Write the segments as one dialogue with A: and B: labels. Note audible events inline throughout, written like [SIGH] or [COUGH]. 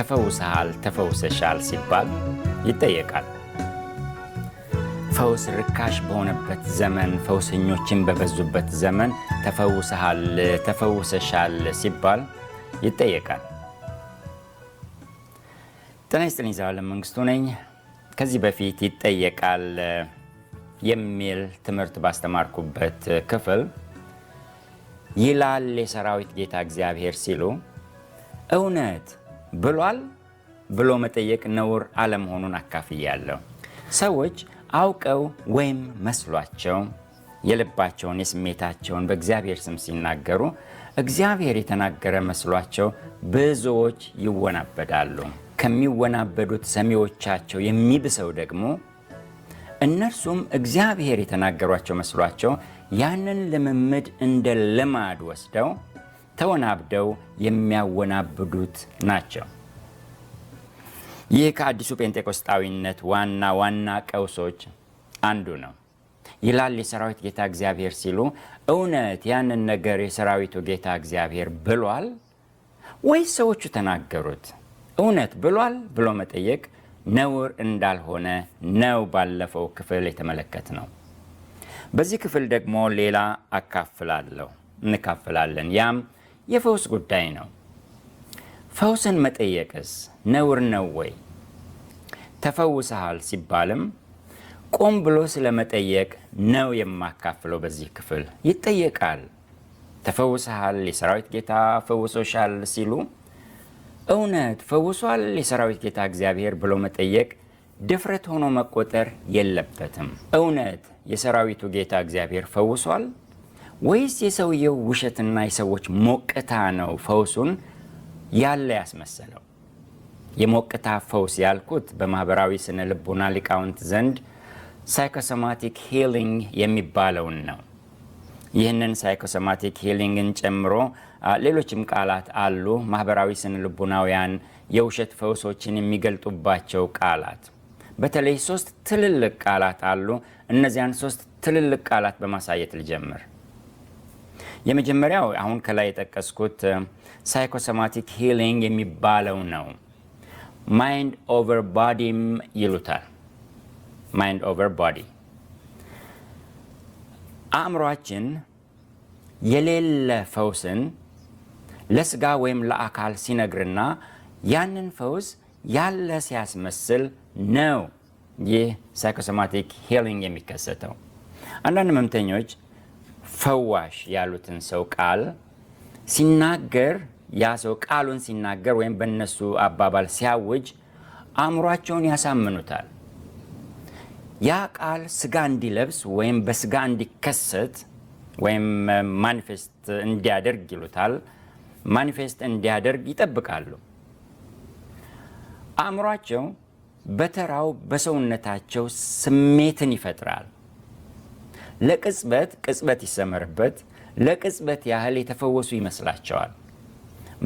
A: ተፈውሰሃል፣ ተፈውሰሻል ሲባል ይጠየቃል። ፈውስ ርካሽ በሆነበት ዘመን፣ ፈውሰኞችን በበዙበት ዘመን ተፈውሰሃል፣ ተፈውሰሻል ሲባል ይጠየቃል። ጤና ይስጥልኝ። ዘላለም መንግስቱ ነኝ። ከዚህ በፊት ይጠየቃል የሚል ትምህርት ባስተማርኩበት ክፍል ይላል የሰራዊት ጌታ እግዚአብሔር ሲሉ እውነት ብሏል ብሎ መጠየቅ ነውር አለመሆኑን አካፍያለሁ። ሰዎች አውቀው ወይም መስሏቸው የልባቸውን የስሜታቸውን በእግዚአብሔር ስም ሲናገሩ እግዚአብሔር የተናገረ መስሏቸው ብዙዎች ይወናበዳሉ። ከሚወናበዱት ሰሚዎቻቸው የሚብሰው ደግሞ እነርሱም እግዚአብሔር የተናገሯቸው መስሏቸው ያንን ልምምድ እንደ ልማድ ወስደው ተወናብደው የሚያወናብዱት ናቸው። ይህ ከአዲሱ ጴንጤቆስጣዊነት ዋና ዋና ቀውሶች አንዱ ነው ይላል የሰራዊት ጌታ እግዚአብሔር ሲሉ፣ እውነት ያንን ነገር የሰራዊቱ ጌታ እግዚአብሔር ብሏል ወይስ ሰዎቹ ተናገሩት? እውነት ብሏል ብሎ መጠየቅ ነውር እንዳልሆነ ነው ባለፈው ክፍል የተመለከት ነው በዚህ ክፍል ደግሞ ሌላ አካፍላለሁ እንካፍላለን ያም የፈውስ ጉዳይ ነው። ፈውስን መጠየቅስ ነውር ነው ወይ? ተፈውሰሃል ሲባልም ቆም ብሎ ስለመጠየቅ ነው የማካፍለው። በዚህ ክፍል ይጠየቃል። ተፈውሰሃል፣ የሰራዊት ጌታ ፈውሶሻል ሲሉ እውነት ፈውሷል የሰራዊት ጌታ እግዚአብሔር ብሎ መጠየቅ ድፍረት ሆኖ መቆጠር የለበትም። እውነት የሰራዊቱ ጌታ እግዚአብሔር ፈውሷል ወይስ የሰውየው ውሸትና የሰዎች ሞቅታ ነው ፈውሱን ያለ ያስመሰለው? የሞቅታ ፈውስ ያልኩት በማህበራዊ ስነ ልቦና ሊቃውንት ዘንድ ሳይኮሶማቲክ ሂሊንግ የሚባለውን ነው። ይህንን ሳይኮሶማቲክ ሂሊንግን ጨምሮ ሌሎችም ቃላት አሉ። ማህበራዊ ስነ ልቦናውያን የውሸት ፈውሶችን የሚገልጡባቸው ቃላት በተለይ ሶስት ትልልቅ ቃላት አሉ። እነዚያን ሶስት ትልልቅ ቃላት በማሳየት ልጀምር። የመጀመሪያው አሁን ከላይ የጠቀስኩት ሳይኮሶማቲክ ሂሊንግ የሚባለው ነው። ማይንድ ኦቨር ባዲም ይሉታል። ማይንድ ኦቨር ባዲ አእምሯችን የሌለ ፈውስን ለስጋ ወይም ለአካል ሲነግርና ያንን ፈውስ ያለ ሲያስመስል ነው ይህ ሳይኮሶማቲክ ሂሊንግ የሚከሰተው። አንዳንድ ህመምተኞች ፈዋሽ ያሉትን ሰው ቃል ሲናገር ያ ሰው ቃሉን ሲናገር ወይም በእነሱ አባባል ሲያውጅ አእምሯቸውን ያሳምኑታል። ያ ቃል ስጋ እንዲለብስ ወይም በስጋ እንዲከሰት ወይም ማኒፌስት እንዲያደርግ ይሉታል። ማኒፌስት እንዲያደርግ ይጠብቃሉ። አእምሯቸው በተራው በሰውነታቸው ስሜትን ይፈጥራል። ለቅጽበት ቅጽበት ይሰመርበት፣ ለቅጽበት ያህል የተፈወሱ ይመስላቸዋል።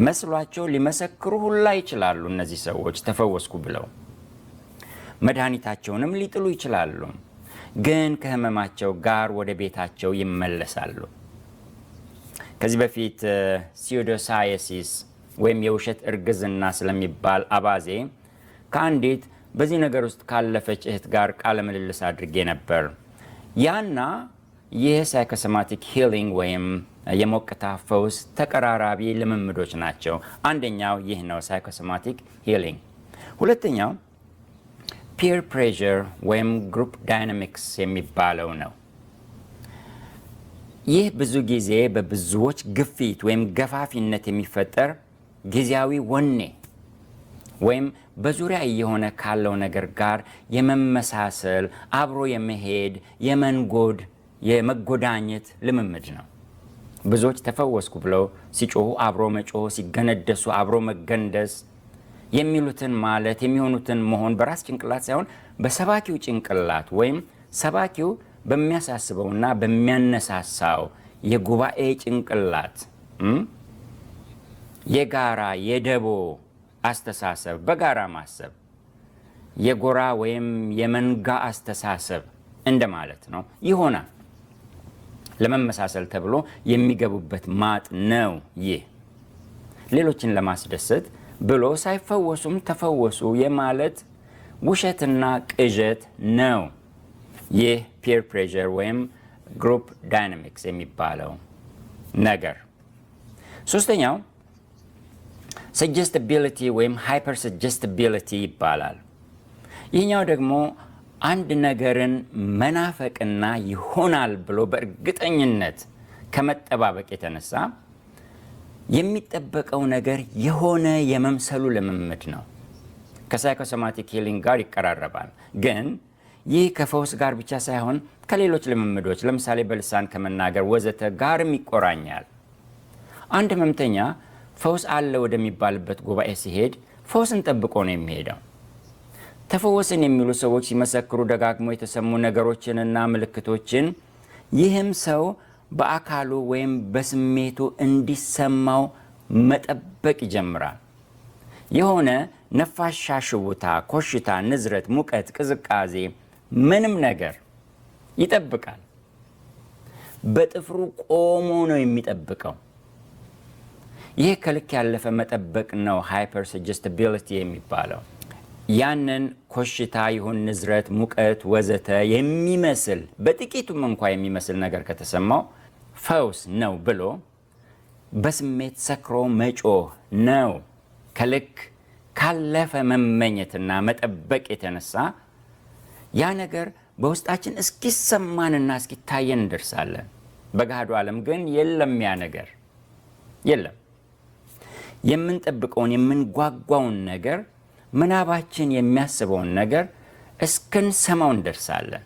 A: መስሏቸው ሊመሰክሩ ሁላ ይችላሉ። እነዚህ ሰዎች ተፈወስኩ ብለው መድኃኒታቸውንም ሊጥሉ ይችላሉ። ግን ከህመማቸው ጋር ወደ ቤታቸው ይመለሳሉ። ከዚህ በፊት ሲዩዶሳይሲስ ወይም የውሸት እርግዝና ስለሚባል አባዜ ከአንዲት በዚህ ነገር ውስጥ ካለፈች እህት ጋር ቃለ ምልልስ አድርጌ ነበር። ያና ይህ ሳይኮሶማቲክ ሂሊንግ ወይም የሞቅታ ፈውስ ተቀራራቢ ልምምዶች ናቸው። አንደኛው ይህ ነው፣ ሳይኮሶማቲክ ሂሊንግ። ሁለተኛው ፒር ፕሬር ወይም ግሩፕ ዳይናሚክስ የሚባለው ነው። ይህ ብዙ ጊዜ በብዙዎች ግፊት ወይም ገፋፊነት የሚፈጠር ጊዜያዊ ወኔ ወይም በዙሪያ እየሆነ ካለው ነገር ጋር የመመሳሰል አብሮ የመሄድ የመንጎድ የመጎዳኘት ልምምድ ነው። ብዙዎች ተፈወስኩ ብለው ሲጮሁ አብሮ መጮህ፣ ሲገነደሱ አብሮ መገንደስ፣ የሚሉትን ማለት የሚሆኑትን መሆን በራስ ጭንቅላት ሳይሆን በሰባኪው ጭንቅላት ወይም ሰባኪው በሚያሳስበውና በሚያነሳሳው የጉባኤ ጭንቅላት የጋራ የደቦ አስተሳሰብ፣ በጋራ ማሰብ የጎራ ወይም የመንጋ አስተሳሰብ እንደማለት ነው ይሆናል። ለመመሳሰል ተብሎ የሚገቡበት ማጥ ነው ይህ። ሌሎችን ለማስደሰት ብሎ ሳይፈወሱም ተፈወሱ የማለት ውሸትና ቅዠት ነው ይህ ፒር ፕሬዠር ወይም ግሩፕ ዳይናሚክስ የሚባለው ነገር። ሶስተኛው ሰጀስቲቢሊቲ ወይም ሃይፐር ሰጀስቲቢሊቲ ይባላል። ይህኛው ደግሞ አንድ ነገርን መናፈቅና ይሆናል ብሎ በእርግጠኝነት ከመጠባበቅ የተነሳ የሚጠበቀው ነገር የሆነ የመምሰሉ ልምምድ ነው። ከሳይኮሶማቲክ ሂሊንግ ጋር ይቀራረባል። ግን ይህ ከፈውስ ጋር ብቻ ሳይሆን ከሌሎች ልምምዶች ለምሳሌ በልሳን ከመናገር ወዘተ ጋርም ይቆራኛል። አንድ ህመምተኛ ፈውስ አለ ወደሚባልበት ጉባኤ ሲሄድ ፈውስን ጠብቆ ነው የሚሄደው። ተፈወስን የሚሉ ሰዎች ሲመሰክሩ ደጋግሞ የተሰሙ ነገሮችንና ምልክቶችን ይህም ሰው በአካሉ ወይም በስሜቱ እንዲሰማው መጠበቅ ይጀምራል። የሆነ ነፋሻ ሽውታ፣ ኮሽታ፣ ንዝረት፣ ሙቀት፣ ቅዝቃዜ፣ ምንም ነገር ይጠብቃል። በጥፍሩ ቆሞ ነው የሚጠብቀው። ይህ ከልክ ያለፈ መጠበቅ ነው ሃይፐር ሰጀስቲቢሊቲ የሚባለው። ያንን ኮሽታ ይሁን ንዝረት፣ ሙቀት፣ ወዘተ የሚመስል በጥቂቱም እንኳ የሚመስል ነገር ከተሰማው ፈውስ ነው ብሎ በስሜት ሰክሮ መጮህ ነው ከልክ ካለፈ መመኘትና መጠበቅ የተነሳ ያ ነገር በውስጣችን እስኪሰማንና እስኪታየን እንደርሳለን። በገሃዱ ዓለም ግን የለም ያ ነገር የለም። የምንጠብቀውን የምንጓጓውን ነገር ምናባችን የሚያስበውን ነገር እስክንሰማው እንደርሳለን።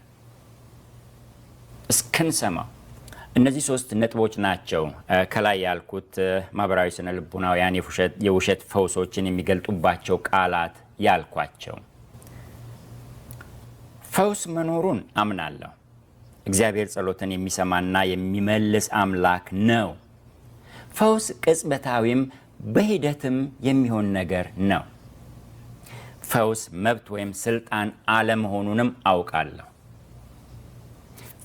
A: እስክንሰማው እነዚህ ሶስት ነጥቦች ናቸው ከላይ ያልኩት ማህበራዊ ስነ ልቡናውያን የውሸት ፈውሶችን የሚገልጡባቸው ቃላት ያልኳቸው። ፈውስ መኖሩን አምናለሁ። እግዚአብሔር ጸሎትን የሚሰማና የሚመልስ አምላክ ነው። ፈውስ ቅጽበታዊም በሂደትም የሚሆን ነገር ነው። ፈውስ መብት ወይም ስልጣን አለመሆኑንም አውቃለሁ።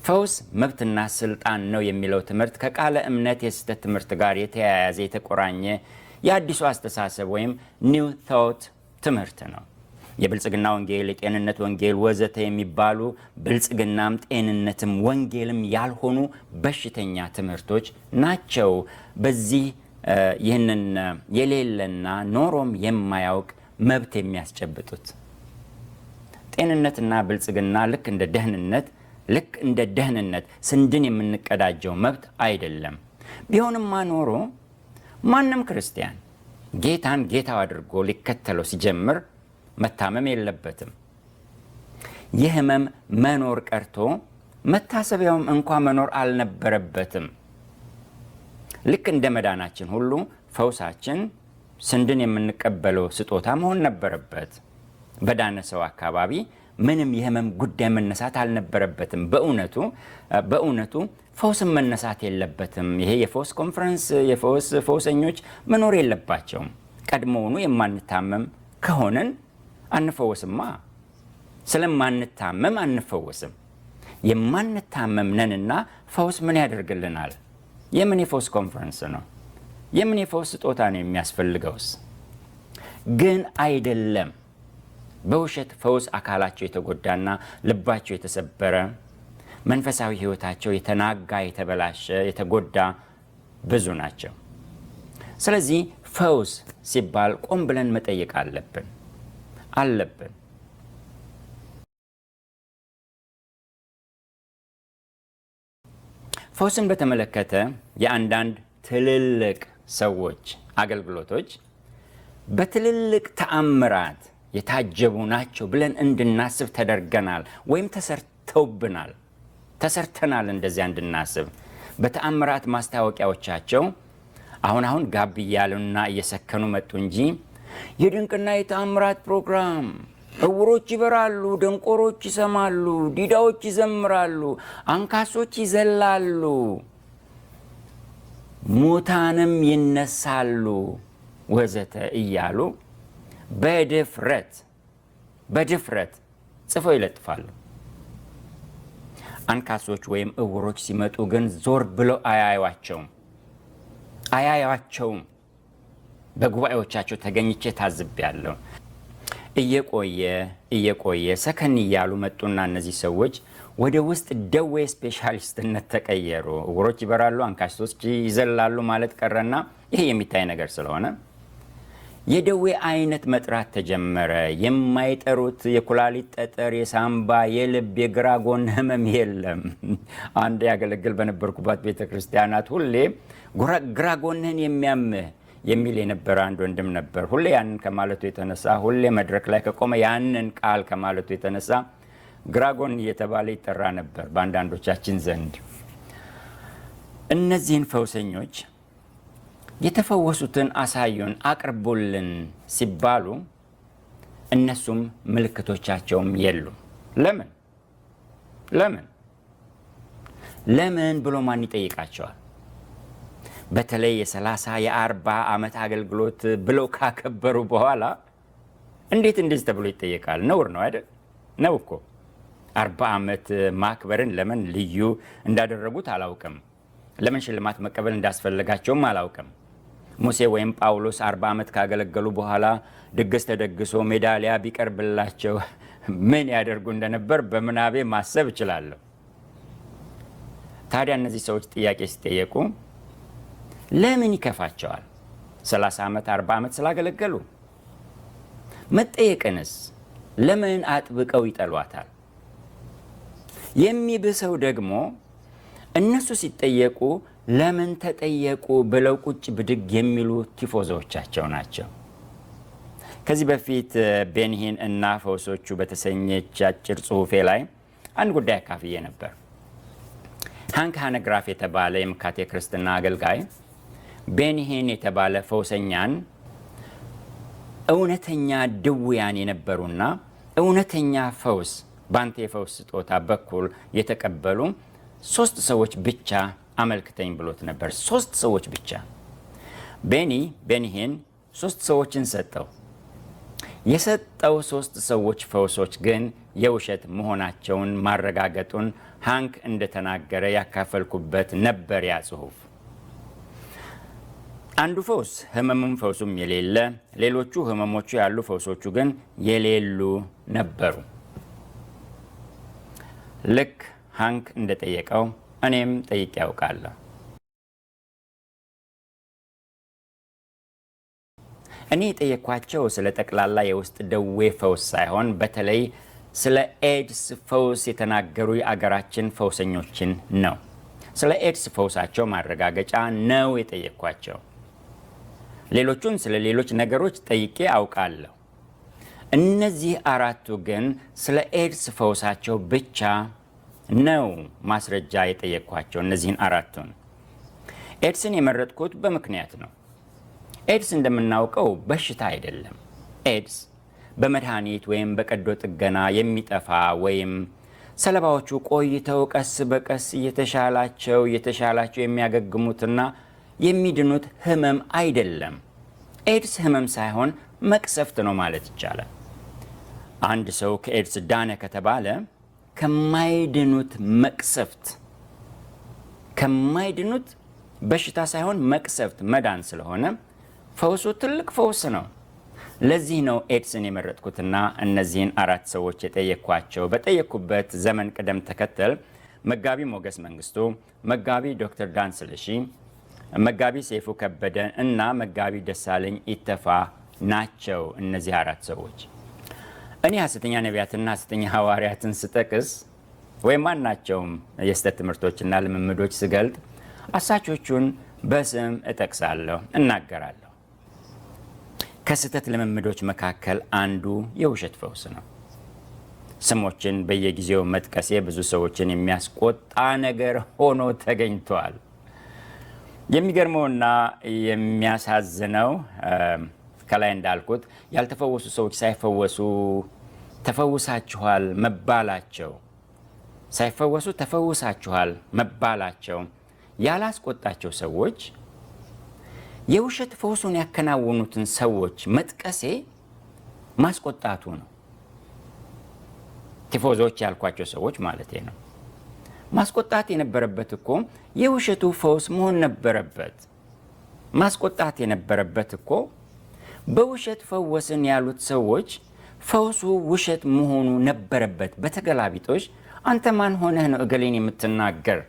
A: ፈውስ መብትና ስልጣን ነው የሚለው ትምህርት ከቃለ እምነት የስህተት ትምህርት ጋር የተያያዘ የተቆራኘ የአዲሱ አስተሳሰብ ወይም ኒው ቶት ትምህርት ነው። የብልጽግና ወንጌል፣ የጤንነት ወንጌል ወዘተ የሚባሉ ብልጽግናም ጤንነትም ወንጌልም ያልሆኑ በሽተኛ ትምህርቶች ናቸው በዚህ ይህንን የሌለና ኖሮም የማያውቅ መብት የሚያስጨብጡት ጤንነትና ብልጽግና ልክ እንደ ደህንነት ልክ እንደ ደህንነት ስንድን የምንቀዳጀው መብት አይደለም። ቢሆንማ ኖሮ ማንም ክርስቲያን ጌታን ጌታው አድርጎ ሊከተለው ሲጀምር መታመም የለበትም። የህመም መኖር ቀርቶ መታሰቢያውም እንኳ መኖር አልነበረበትም። ልክ እንደ መዳናችን ሁሉ ፈውሳችን ስንድን የምንቀበለው ስጦታ መሆን ነበረበት። በዳነ ሰው አካባቢ ምንም የህመም ጉዳይ መነሳት አልነበረበትም። በእውነቱ በእውነቱ ፈውስም መነሳት የለበትም። ይሄ የፈውስ ኮንፈረንስ የፈውስ ፈውሰኞች መኖር የለባቸውም። ቀድሞውኑ የማንታመም ከሆንን አንፈወስማ። ስለማንታመም አንፈወስም። የማንታመም ነንና ፈውስ ምን ያደርግልናል? የፈውስ ኮንፈረንስ ነው። የፈውስ ስጦታ ነው የሚያስፈልገውስ ግን አይደለም። በውሸት ፈውስ አካላቸው የተጎዳና ልባቸው የተሰበረ መንፈሳዊ ሕይወታቸው የተናጋ፣ የተበላሸ፣ የተጎዳ ብዙ ናቸው። ስለዚህ ፈውስ ሲባል ቆም ብለን መጠየቅ አለብን አለብን። ፈውስን በተመለከተ የአንዳንድ ትልልቅ ሰዎች አገልግሎቶች በትልልቅ ተአምራት የታጀቡ ናቸው ብለን እንድናስብ ተደርገናል፣ ወይም ተሰርተውብናል፣ ተሰርተናል እንደዚያ እንድናስብ በተአምራት ማስታወቂያዎቻቸው አሁን አሁን ጋብ እያሉና እየሰከኑ መጡ እንጂ የድንቅና የተአምራት ፕሮግራም እውሮች ይበራሉ፣ ደንቆሮች ይሰማሉ፣ ዲዳዎች ይዘምራሉ፣ አንካሶች ይዘላሉ፣ ሙታንም ይነሳሉ ወዘተ እያሉ በድፍረት በድፍረት ጽፈው ይለጥፋሉ። አንካሶች ወይም እውሮች ሲመጡ ግን ዞር ብለው አያዩቸውም አያዩቸውም። በጉባኤዎቻቸው ተገኝቼ ታዝቤያለሁ። እየቆየ እየቆየ ሰከን እያሉ መጡና እነዚህ ሰዎች ወደ ውስጥ ደዌ ስፔሻሊስትነት ተቀየሩ። እውሮች ይበራሉ፣ አንካሶች ይዘላሉ ማለት ቀረና ይሄ የሚታይ ነገር ስለሆነ የደዌ አይነት መጥራት ተጀመረ። የማይጠሩት የኩላሊት ጠጠር፣ የሳምባ፣ የልብ፣ የግራ ጎን ህመም የለም። አንድ ያገለግል በነበርኩባት ቤተ ክርስቲያናት ሁሌ ግራ ጎንህን የሚያምህ የሚል የነበረ አንድ ወንድም ነበር። ሁሌ ያንን ከማለቱ የተነሳ ሁሌ መድረክ ላይ ከቆመ ያንን ቃል ከማለቱ የተነሳ ግራጎን እየተባለ ይጠራ ነበር በአንዳንዶቻችን ዘንድ። እነዚህን ፈውሰኞች የተፈወሱትን አሳዩን፣ አቅርቡልን ሲባሉ እነሱም ምልክቶቻቸውም የሉም። ለምን ለምን ለምን ብሎ ማን ይጠይቃቸዋል? በተለይ የሰላሳ የአርባ ዓመት አገልግሎት ብለው ካከበሩ በኋላ እንዴት እንደዚህ ተብሎ ይጠየቃል? ነውር ነው አይደል? ነው እኮ አርባ ዓመት ማክበርን ለምን ልዩ እንዳደረጉት አላውቅም። ለምን ሽልማት መቀበል እንዳስፈለጋቸውም አላውቅም። ሙሴ ወይም ጳውሎስ አርባ ዓመት ካገለገሉ በኋላ ድግስ ተደግሶ ሜዳሊያ ቢቀርብላቸው ምን ያደርጉ እንደነበር በምናቤ ማሰብ እችላለሁ። ታዲያ እነዚህ ሰዎች ጥያቄ ሲጠየቁ ለምን ይከፋቸዋል? 30 ዓመት 40 ዓመት ስላገለገሉ። መጠየቅንስ ለምን አጥብቀው ይጠሏታል? የሚብሰው ደግሞ እነሱ ሲጠየቁ ለምን ተጠየቁ ብለው ቁጭ ብድግ የሚሉ ቲፎዞዎቻቸው ናቸው። ከዚህ በፊት ቤንሂን እና ፈውሶቹ በተሰኘች አጭር ጽሁፌ ላይ አንድ ጉዳይ አካፍዬ ነበር። ሃንክ ሃነግራፍ የተባለ የምካቴ ክርስትና አገልጋይ ቤኒሄን የተባለ ፈውሰኛን እውነተኛ ድውያን የነበሩና እውነተኛ ፈውስ በአንተ የፈውስ ስጦታ በኩል የተቀበሉ ሶስት ሰዎች ብቻ አመልክተኝ ብሎት ነበር። ሶስት ሰዎች ብቻ ቤኒ ቤኒሄን ሶስት ሰዎችን ሰጠው። የሰጠው ሶስት ሰዎች ፈውሶች ግን የውሸት መሆናቸውን ማረጋገጡን ሃንክ እንደተናገረ ያካፈልኩበት ነበር ያ ጽሁፍ። አንዱ ፈውስ ህመምም ፈውሱም የሌለ ሌሎቹ ህመሞቹ ያሉ ፈውሶቹ ግን የሌሉ ነበሩ። ልክ ሃንክ እንደጠየቀው እኔም ጠይቄ ያውቃለሁ። እኔ የጠየኳቸው ስለ ጠቅላላ የውስጥ ደዌ ፈውስ ሳይሆን በተለይ ስለ ኤድስ ፈውስ የተናገሩ የአገራችን ፈውሰኞችን ነው። ስለ ኤድስ ፈውሳቸው ማረጋገጫ ነው የጠየኳቸው። ሌሎቹን ስለ ሌሎች ነገሮች ጠይቄ አውቃለሁ። እነዚህ አራቱ ግን ስለ ኤድስ ፈውሳቸው ብቻ ነው ማስረጃ የጠየቅኳቸው። እነዚህን አራቱን ኤድስን የመረጥኩት በምክንያት ነው። ኤድስ እንደምናውቀው በሽታ አይደለም። ኤድስ በመድኃኒት ወይም በቀዶ ጥገና የሚጠፋ ወይም ሰለባዎቹ ቆይተው ቀስ በቀስ እየተሻላቸው እየተሻላቸው የሚያገግሙትና የሚድኑት ህመም አይደለም። ኤድስ ህመም ሳይሆን መቅሰፍት ነው ማለት ይቻላል። አንድ ሰው ከኤድስ ዳነ ከተባለ ከማይድኑት መቅሰፍት ከማይድኑት በሽታ ሳይሆን መቅሰፍት መዳን ስለሆነ ፈውሱ ትልቅ ፈውስ ነው። ለዚህ ነው ኤድስን የመረጥኩትና እነዚህን አራት ሰዎች የጠየቅኳቸው በጠየቅኩበት ዘመን ቅደም ተከተል መጋቢ ሞገስ መንግስቱ፣ መጋቢ ዶክተር ዳን መጋቢ ሰይፉ ከበደ እና መጋቢ ደሳለኝ ኢተፋ ናቸው። እነዚህ አራት ሰዎች እኔ ሐሰተኛ ነቢያትና ሐሰተኛ ሐዋርያትን ስጠቅስ ወይም ማናቸውም የስህተት ትምህርቶችና ልምምዶች ስገልጥ አሳቾቹን በስም እጠቅሳለሁ፣ እናገራለሁ። ከስህተት ልምምዶች መካከል አንዱ የውሸት ፈውስ ነው። ስሞችን በየጊዜው መጥቀሴ ብዙ ሰዎችን የሚያስቆጣ ነገር ሆኖ ተገኝቷል። የሚገርመውና የሚያሳዝነው ከላይ እንዳልኩት ያልተፈወሱ ሰዎች ሳይፈወሱ ተፈውሳችኋል መባላቸው ሳይፈወሱ ተፈውሳችኋል መባላቸው ያላስቆጣቸው ሰዎች የውሸት ፈውሱን ያከናወኑትን ሰዎች መጥቀሴ ማስቆጣቱ ነው። ቲፎዞች ያልኳቸው ሰዎች ማለት ነው። ማስቆጣት የነበረበት እኮ የውሸቱ ፈውስ መሆን ነበረበት። ማስቆጣት የነበረበት እኮ በውሸት ፈወስን ያሉት ሰዎች ፈውሱ ውሸት መሆኑ ነበረበት። በተገላቢጦች አንተ ማን ሆነህ ነው እገሌን የምትናገር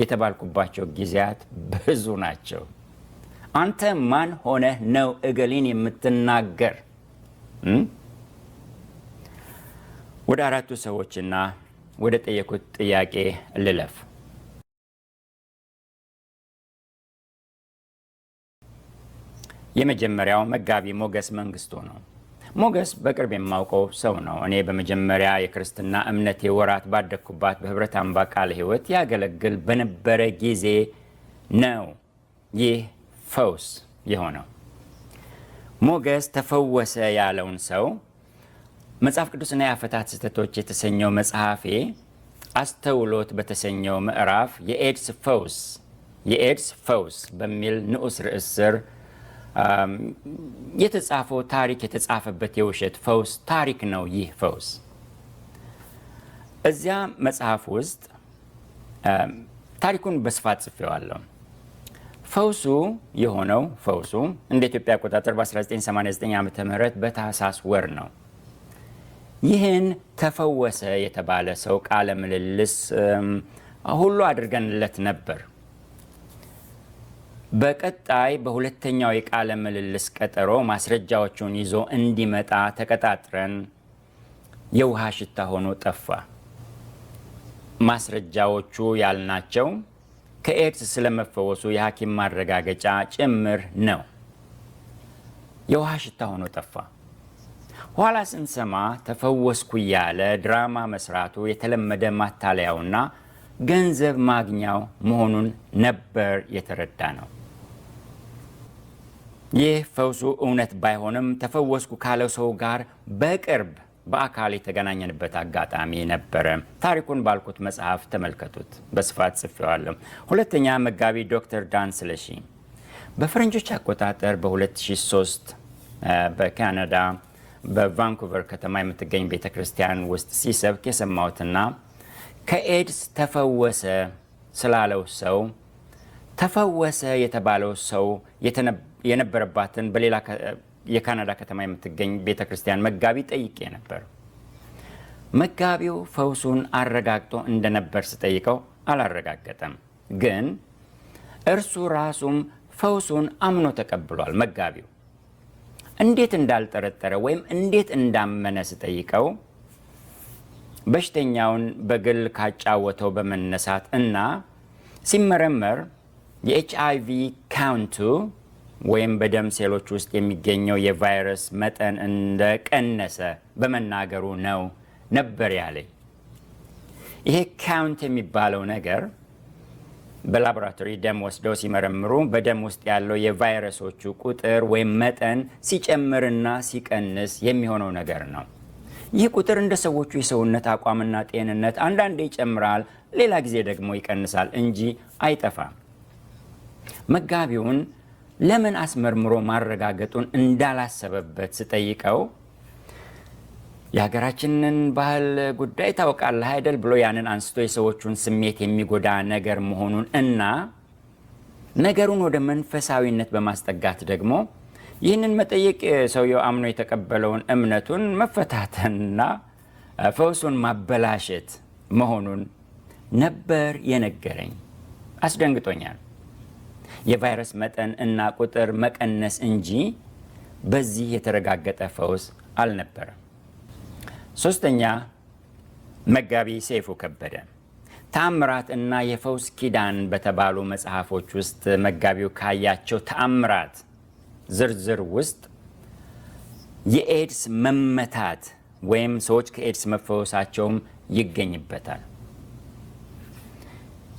A: የተባልኩባቸው ጊዜያት ብዙ ናቸው። አንተ ማን ሆነህ ነው እገሌን የምትናገር? ወደ አራቱ ሰዎችና ወደ ጠየቁት ጥያቄ ልለፍ። የመጀመሪያው መጋቢ ሞገስ መንግስቱ ነው። ሞገስ በቅርብ የማውቀው ሰው ነው። እኔ በመጀመሪያ የክርስትና እምነቴ ወራት ባደግኩባት በህብረት አምባ ቃለ ሕይወት ያገለግል በነበረ ጊዜ ነው ይህ ፈውስ የሆነው። ሞገስ ተፈወሰ ያለውን ሰው መጽሐፍ ቅዱስና የአፈታት ስህተቶች የተሰኘው መጽሐፌ አስተውሎት በተሰኘው ምዕራፍ የኤድስ ፈውስ የኤድስ ፈውስ በሚል ንዑስ ርዕስ ስር የተጻፈው ታሪክ የተጻፈበት የውሸት ፈውስ ታሪክ ነው። ይህ ፈውስ እዚያ መጽሐፍ ውስጥ ታሪኩን በስፋት ጽፌዋለሁ። ፈውሱ የሆነው ፈውሱ እንደ ኢትዮጵያ አቆጣጠር በ1989 ዓ ም በታህሳስ ወር ነው። ይህን ተፈወሰ የተባለ ሰው ቃለ ምልልስ ሁሉ አድርገንለት ነበር። በቀጣይ በሁለተኛው የቃለ ምልልስ ቀጠሮ ማስረጃዎቹን ይዞ እንዲመጣ ተቀጣጥረን የውሃ ሽታ ሆኖ ጠፋ። ማስረጃዎቹ ያልናቸው ከኤድስ ስለመፈወሱ የሐኪም ማረጋገጫ ጭምር ነው። የውሃ ሽታ ሆኖ ጠፋ። ኋላ ስንሰማ ተፈወስኩ እያለ ድራማ መስራቱ የተለመደ ማታለያውና ገንዘብ ማግኛው መሆኑን ነበር የተረዳ ነው። ይህ ፈውሱ እውነት ባይሆንም ተፈወስኩ ካለው ሰው ጋር በቅርብ በአካል የተገናኘንበት አጋጣሚ ነበረ። ታሪኩን ባልኩት መጽሐፍ ተመልከቱት፣ በስፋት ጽፌዋለሁ። ሁለተኛ መጋቢ ዶክተር ዳን ስለሺ በፈረንጆች አቆጣጠር በ2003 በካናዳ በቫንኩቨር ከተማ የምትገኝ ቤተ ክርስቲያን ውስጥ ሲሰብክ የሰማሁትና ከኤድስ ተፈወሰ ስላለው ሰው ተፈወሰ የተባለው ሰው የነበረባትን በሌላ የካናዳ ከተማ የምትገኝ ቤተ ክርስቲያን መጋቢ ጠይቄ ነበር። መጋቢው ፈውሱን አረጋግጦ እንደነበር ስጠይቀው አላረጋገጠም። ግን እርሱ ራሱም ፈውሱን አምኖ ተቀብሏል መጋቢው እንዴት እንዳልጠረጠረ ወይም እንዴት እንዳመነ ስጠይቀው በሽተኛውን በግል ካጫወተው በመነሳት እና ሲመረመር የኤች አይ ቪ ካውንቱ ወይም በደም ሴሎች ውስጥ የሚገኘው የቫይረስ መጠን እንደቀነሰ በመናገሩ ነው ነበር ያለኝ። ይሄ ካውንት የሚባለው ነገር በላቦራቶሪ ደም ወስደው ሲመረምሩ በደም ውስጥ ያለው የቫይረሶቹ ቁጥር ወይም መጠን ሲጨምርና ሲቀንስ የሚሆነው ነገር ነው። ይህ ቁጥር እንደ ሰዎቹ የሰውነት አቋምና ጤንነት አንዳንዴ ይጨምራል፣ ሌላ ጊዜ ደግሞ ይቀንሳል እንጂ አይጠፋም። መጋቢውን ለምን አስመርምሮ ማረጋገጡን እንዳላሰበበት ስጠይቀው የሀገራችንን ባህል ጉዳይ ታውቃለህ አይደል ብሎ ያንን አንስቶ የሰዎቹን ስሜት የሚጎዳ ነገር መሆኑን እና ነገሩን ወደ መንፈሳዊነት በማስጠጋት ደግሞ ይህንን መጠየቅ ሰውየው አምኖ የተቀበለውን እምነቱን መፈታተንና ፈውሱን ማበላሸት መሆኑን ነበር የነገረኝ። አስደንግጦኛል። የቫይረስ መጠን እና ቁጥር መቀነስ እንጂ በዚህ የተረጋገጠ ፈውስ አልነበረም። ሶስተኛ መጋቢ ሰይፉ ከበደ ተአምራት እና የፈውስ ኪዳን በተባሉ መጽሐፎች ውስጥ መጋቢው ካያቸው ተአምራት ዝርዝር ውስጥ የኤድስ መመታት ወይም ሰዎች ከኤድስ መፈወሳቸውም ይገኝበታል።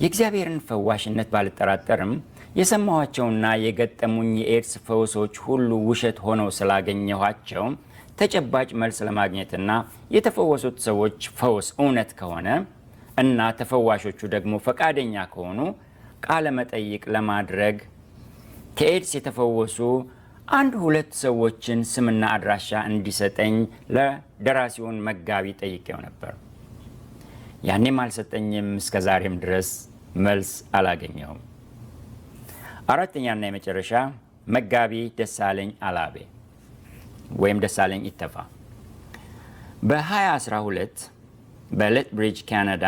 A: የእግዚአብሔርን ፈዋሽነት ባልጠራጠርም የሰማኋቸውና የገጠሙኝ የኤድስ ፈውሶች ሁሉ ውሸት ሆነው ስላገኘኋቸው ተጨባጭ መልስ ለማግኘትና የተፈወሱት ሰዎች ፈውስ እውነት ከሆነ እና ተፈዋሾቹ ደግሞ ፈቃደኛ ከሆኑ ቃለ መጠይቅ ለማድረግ ከኤድስ የተፈወሱ አንድ ሁለት ሰዎችን ስምና አድራሻ እንዲሰጠኝ ለደራሲውን መጋቢ ጠይቄው ነበር። ያኔም አልሰጠኝም። እስከ ዛሬም ድረስ መልስ አላገኘውም። አራተኛና የመጨረሻ መጋቢ ደሳለኝ አላቤ ወይም ደሳለኝ ይተፋ በ2012 ብሪጅ ካናዳ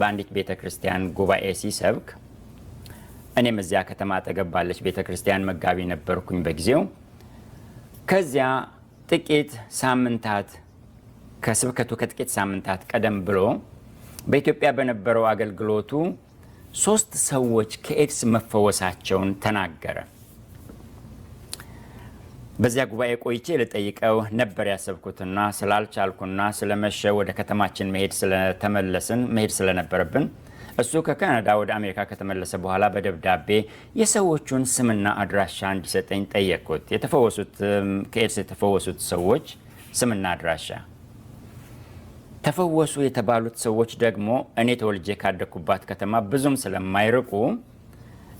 A: በአንዲት ቤተ ክርስቲያን ጉባኤ ሲሰብክ እኔም እዚያ ከተማ አጠገብ ባለች ቤተ ክርስቲያን መጋቢ ነበርኩኝ በጊዜው። ከዚያ ጥቂት ሳምንታት ከስብከቱ ከጥቂት ሳምንታት ቀደም ብሎ በኢትዮጵያ በነበረው አገልግሎቱ ሶስት ሰዎች ከኤድስ መፈወሳቸውን ተናገረ። በዚያ ጉባኤ ቆይቼ ልጠይቀው ነበር ያሰብኩትና ስላልቻልኩና ስለመሸ ወደ ከተማችን መሄድ ስለተመለስን መሄድ ስለነበረብን እሱ ከካናዳ ወደ አሜሪካ ከተመለሰ በኋላ በደብዳቤ የሰዎቹን ስምና አድራሻ እንዲሰጠኝ ጠየቅኩት። የተፈወሱት ከኤድስ የተፈወሱት ሰዎች ስምና አድራሻ ተፈወሱ የተባሉት ሰዎች ደግሞ እኔ ተወልጄ ካደግኩባት ከተማ ብዙም ስለማይርቁ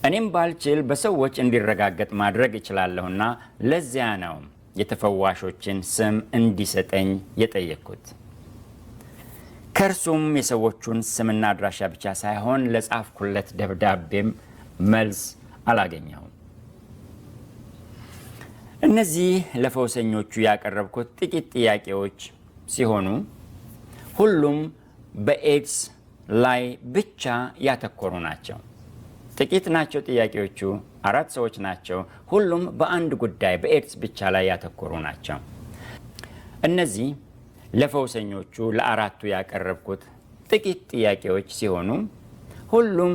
A: እኔም ባልችል በሰዎች እንዲረጋገጥ ማድረግ እችላለሁና ለዚያ ነው የተፈዋሾችን ስም እንዲሰጠኝ የጠየቅኩት። ከእርሱም የሰዎቹን ስምና አድራሻ ብቻ ሳይሆን ለጻፍኩለት ደብዳቤም መልስ አላገኘሁም። እነዚህ ለፈውሰኞቹ ያቀረብኩት ጥቂት ጥያቄዎች ሲሆኑ ሁሉም በኤድስ ላይ ብቻ ያተኮሩ ናቸው። ጥቂት ናቸው ጥያቄዎቹ፣ አራት ሰዎች ናቸው። ሁሉም በአንድ ጉዳይ በኤድስ ብቻ ላይ ያተኮሩ ናቸው። እነዚህ ለፈውሰኞቹ ለአራቱ ያቀረብኩት ጥቂት ጥያቄዎች ሲሆኑ ሁሉም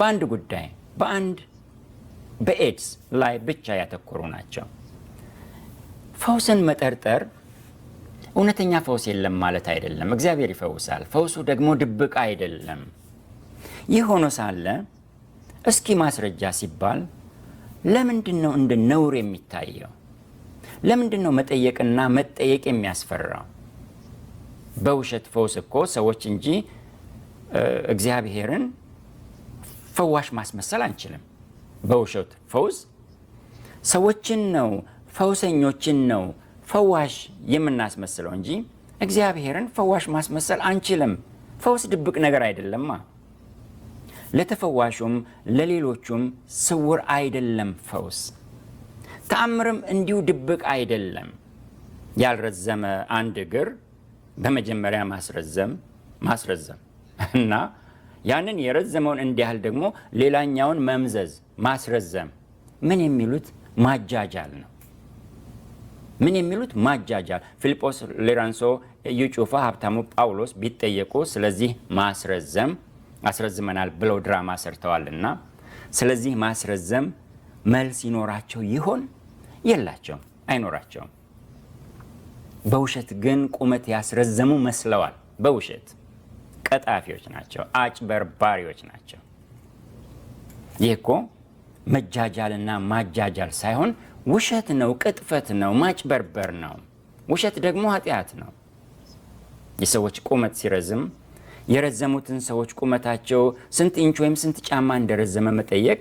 A: በአንድ ጉዳይ በአንድ በኤድስ ላይ ብቻ ያተኮሩ ናቸው። ፈውስን መጠርጠር እውነተኛ ፈውስ የለም ማለት አይደለም። እግዚአብሔር ይፈውሳል። ፈውሱ ደግሞ ድብቅ አይደለም። ይህ ሆኖ ሳለ እስኪ ማስረጃ ሲባል ለምንድን ነው እንደ ነውር የሚታየው? ለምንድን ነው መጠየቅና መጠየቅ የሚያስፈራው? በውሸት ፈውስ እኮ ሰዎች እንጂ እግዚአብሔርን ፈዋሽ ማስመሰል አንችልም። በውሸት ፈውስ ሰዎችን ነው ፈውሰኞችን ነው ፈዋሽ የምናስመስለው እንጂ እግዚአብሔርን ፈዋሽ ማስመሰል አንችልም። ፈውስ ድብቅ ነገር አይደለማ። ለተፈዋሹም ለሌሎቹም ስውር አይደለም ፈውስ። ተአምርም እንዲሁ ድብቅ አይደለም። ያልረዘመ አንድ እግር በመጀመሪያ ማስረዘም ማስረዘም [LAUGHS] እና ያንን የረዘመውን እንዲያህል ደግሞ ሌላኛውን መምዘዝ ማስረዘም ምን የሚሉት ማጃጃል ነው። ምን የሚሉት ማጃጃል። ፊልጶስ ሌራንሶ፣ ኢዩ ጩፋ፣ ሀብታሙ ጳውሎስ ቢጠየቁ ስለዚህ ማስረዘም አስረዝመናል ብለው ድራማ ሰርተዋል እና ስለዚህ ማስረዘም መልስ ይኖራቸው ይሆን? የላቸውም፣ አይኖራቸውም። በውሸት ግን ቁመት ያስረዘሙ መስለዋል። በውሸት ቀጣፊዎች ናቸው፣ አጭበርባሪዎች ናቸው። ይህ እኮ መጃጃልና ማጃጃል ሳይሆን ውሸት ነው፣ ቅጥፈት ነው፣ ማጭበርበር ነው። ውሸት ደግሞ ኃጢአት ነው። የሰዎች ቁመት ሲረዝም የረዘሙትን ሰዎች ቁመታቸው ስንት ኢንች ወይም ስንት ጫማ እንደረዘመ መጠየቅ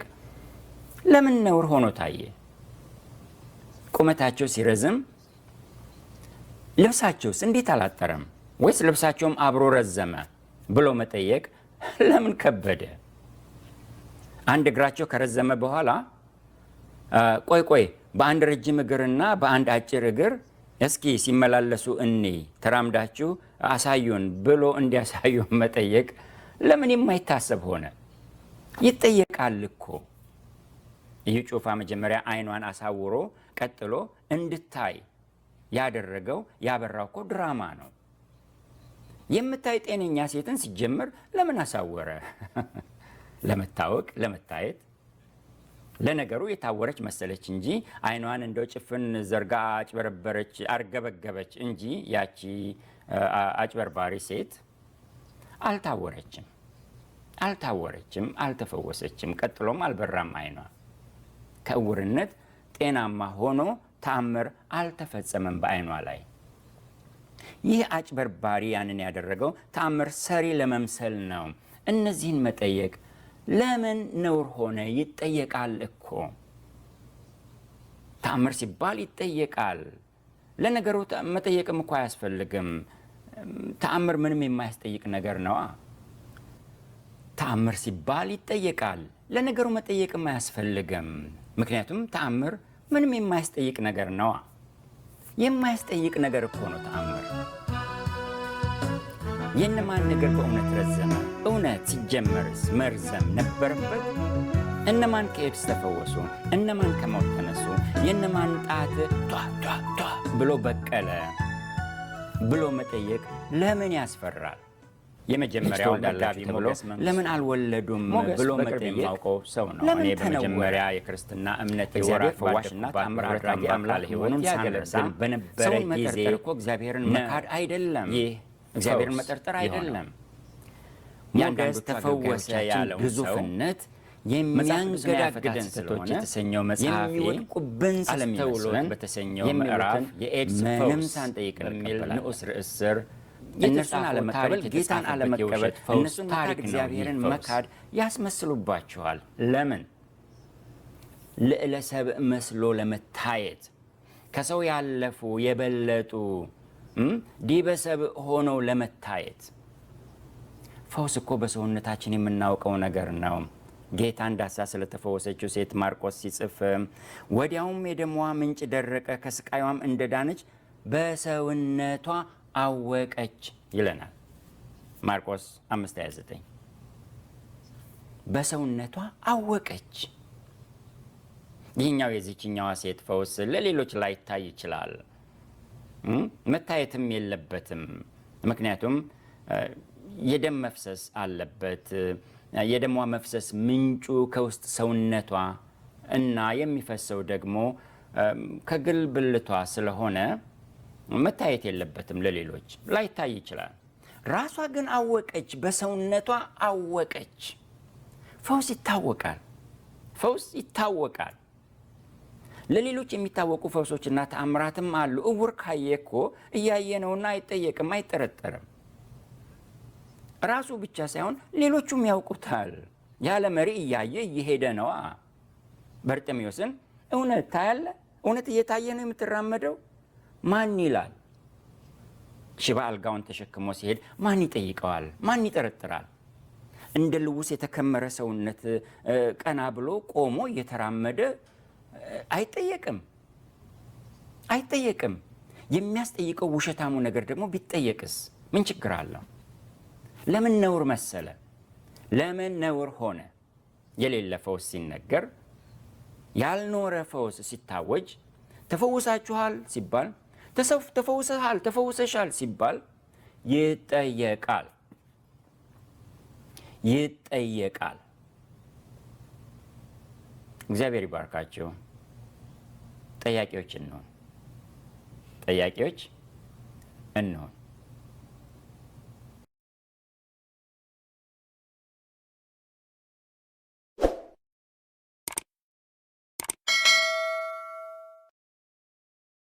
A: ለምን ነውር ሆኖ ታየ? ቁመታቸው ሲረዝም ልብሳቸውስ እንዴት አላጠረም ወይስ ልብሳቸውም አብሮ ረዘመ ብሎ መጠየቅ ለምን ከበደ? አንድ እግራቸው ከረዘመ በኋላ ቆይ ቆይ በአንድ ረጅም እግርና በአንድ አጭር እግር እስኪ ሲመላለሱ እኔ ተራምዳችሁ አሳዩን ብሎ እንዲያሳዩን [LAUGHS] መጠየቅ ለምን የማይታሰብ ሆነ? ይጠየቃል እኮ። ይህ ጩፋ መጀመሪያ አይኗን አሳውሮ ቀጥሎ እንድታይ ያደረገው ያበራው እኮ ድራማ ነው። የምታይ ጤነኛ ሴትን ሲጀምር ለምን አሳወረ? [LAUGHS] ለመታወቅ፣ ለመታየት ለነገሩ የታወረች መሰለች እንጂ አይኗን እንደው ጭፍን ዘርጋ አጭበረበረች፣ አርገበገበች እንጂ ያቺ አጭበርባሪ ሴት አልታወረችም፣ አልታወረችም፣ አልተፈወሰችም። ቀጥሎም አልበራም አይኗ። ከእውርነት ጤናማ ሆኖ ተአምር አልተፈጸመም በአይኗ ላይ። ይህ አጭበርባሪ ያንን ያደረገው ተአምር ሰሪ ለመምሰል ነው። እነዚህን መጠየቅ ለምን ነውር ሆነ ይጠየቃል እኮ። ተአምር ሲባል ይጠየቃል። ለነገሩ መጠየቅም እኮ አያስፈልግም። ተአምር ምንም የማያስጠይቅ ነገር ነዋ። ተአምር ሲባል ይጠየቃል። ለነገሩ መጠየቅም አያስፈልግም። ምክንያቱም ተአምር ምንም የማያስጠይቅ ነገር ነዋ። የማያስጠይቅ ነገር እኮ ነው ተአምር። የእነማን ነገር በእውነት ረዘመ? እውነት ሲጀመርስ መርዘም ነበረበት? እነማን ከኤድስ ተፈወሱ? እነማን ከሞት ተነሱ? የእነማን ጣት ቷ ብሎ በቀለ ብሎ መጠየቅ ለምን ያስፈራል? የመጀመሪያው መጋቢ ብሎ ለምን አልወለዱም ብሎ የማውቀው ሰው ነው። እኔ በመጀመሪያ የክርስትና እምነት የወራት ፈዋሽና ተአምር አድራጊ አምላክ መሆኑን ሳንረሳ በነበረ ጊዜ እግዚአብሔርን መካድ አይደለም ይህ እግዚአብሔርን መጠርጠር አይደለም። ያንዳንዱ ተፈወሰ ያለው ግዙፍነት የሚያንገዳግደን ስለሆነ የተሰኘው መጽሐፍ የሚወድቁብን ስለሚመስለን በተሰኘው ምዕራፍ የኤድስ ምንም ሳንጠይቅ የሚል ንዑስ ርዕስ ስር
B: እነርሱን አለመቀበል ጌታን አለመቀበል እነሱን መካድ እግዚአብሔርን መካድ
A: ያስመስሉባችኋል። ለምን? ልዕለ ሰብእ መስሎ ለመታየት ከሰው ያለፉ የበለጡ ዲበሰብ ሆነው ለመታየት ፈውስ እኮ በሰውነታችን የምናውቀው ነገር ነው። ጌታ እንዳሳ ስለተፈወሰችው ሴት ማርቆስ ሲጽፍ ወዲያውም የደሟ ምንጭ ደረቀ፣ ከስቃይዋም እንደዳነች በሰውነቷ አወቀች ይለናል ማርቆስ 5፥29 በሰውነቷ አወቀች። ይህኛው የዚችኛዋ ሴት ፈውስ ለሌሎች ላይታይ ይችላል። መታየትም የለበትም። ምክንያቱም የደም መፍሰስ አለበት። የደሟ መፍሰስ ምንጩ ከውስጥ ሰውነቷ እና የሚፈሰው ደግሞ ከግል ብልቷ ስለሆነ መታየት የለበትም። ለሌሎች ላይታይ ይችላል። ራሷ ግን አወቀች፣ በሰውነቷ አወቀች። ፈውስ ይታወቃል። ፈውስ ይታወቃል። ለሌሎች የሚታወቁ ፈውሶችና ተአምራትም አሉ። እውር ካየ እኮ እያየ ነውና አይጠየቅም፣ አይጠረጠርም። ራሱ ብቻ ሳይሆን ሌሎቹም ያውቁታል። ያለ መሪ እያየ እየሄደ ነዋ። በርጤሜዎስን እውነት ታያለ፣ እውነት እየታየ ነው የምትራመደው ማን ይላል። ሽባ አልጋውን ተሸክሞ ሲሄድ ማን ይጠይቀዋል? ማን ይጠረጥራል? እንደ ልውስ የተከመረ ሰውነት ቀና ብሎ ቆሞ እየተራመደ አይጠየቅም አይጠየቅም። የሚያስጠይቀው ውሸታሙ ነገር ደግሞ ቢጠየቅስ ምን ችግር አለው? ለምን ነውር መሰለ? ለምን ነውር ሆነ? የሌለ ፈውስ ሲነገር፣ ያልኖረ ፈውስ ሲታወጅ፣ ተፈውሳችኋል ሲባል፣ ተፈውሰሃል ተፈውሰሻል ሲባል ይጠየቃል ይጠየቃል። እግዚአብሔር ይባርካቸው። ጠያቂዎች እንሆን ጠያቂዎች እንሆን።